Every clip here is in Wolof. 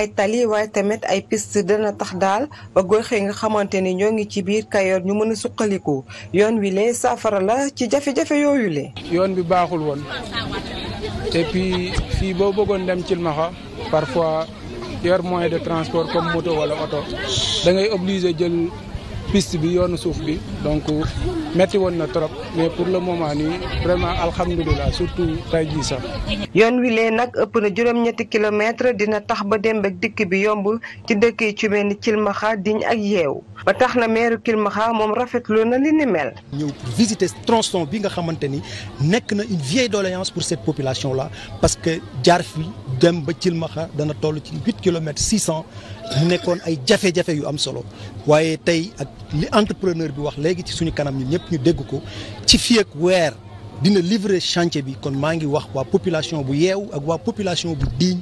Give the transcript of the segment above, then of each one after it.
ay tali waaye tamit ay piste dana tax daal ba gox yi nga xamante ni ñoo ngi ci biir Kayoor ñu mën a suqaliku yoon wi lee saafara la ci jafe-jafe yooyu le yoon bi baaxul woon et fii boo bëggoon dem Cilmaxa parfois yor moyen de transport comme moto wala oto da ngay obligé jël piste bi yoonu suuf bi donc metti woon na trop mais pour le moment nii vraiment alhamdulilah surtout tay jii sax. yoon wilee nag ëpp na juróom-ñetti dina tax ba dem ak dikk bi yomb ci dëkk yi ci mel ni Kilmaxa diñ ak yeew ba tax na meeru Kilmaxa moom rafetlu na li ni mel. ñëw pour visiter tronçon bi nga xamante ni nekk na une vieille doléance pour cette population la parce que jaar fi dem ba cilmaxa dana toll ci huit kilomètres six cent mu nekkoon ay jafe-jafe yu am solo waaye tey ak li entrepreneur bi wax léegi ci suñu kanam ñun ñu dégg ko ci fii ak weer dina livrer chantier bi kon maa ngi wax waa population bu yeew ak waa population bu diiñ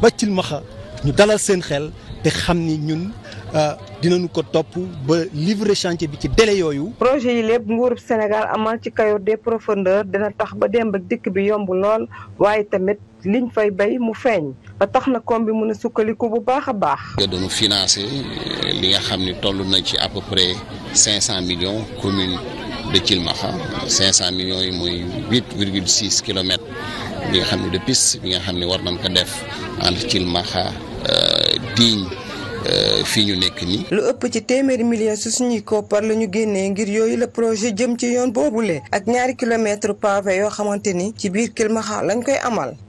ba ci ñu dalal seen xel te xam ni ñun euh, dinañu ko topp ba livrer chantier bi ci délai yooyu. projet yi lépp nguurub Sénégal amaal ci Kayor des profondeurs dina tax ba dem ba dikk bi yomb lool waaye tamit liñ fay bay mu feeñ ba tax na koom bi mën a sukkandiku bu baax a baax. dañu financé li nga xam ni toll na ci à peu 500 millions commune de Thilmakha 500 millions yi mooy 8 virgule 6 kilomètres bi nga xam ne de piste bi nga xam ne war nañ ko def entre Thilmakha euh, Digne euh, fii ñu nekk nii. lu ëpp ci téeméeri million su suñuy koppar la ñu génnee ngir yooyu la projet jëm ci yoon boobu le ak ñaari kilomètre pavé yoo xamante ni ci biir Thilmakha lañ koy amal.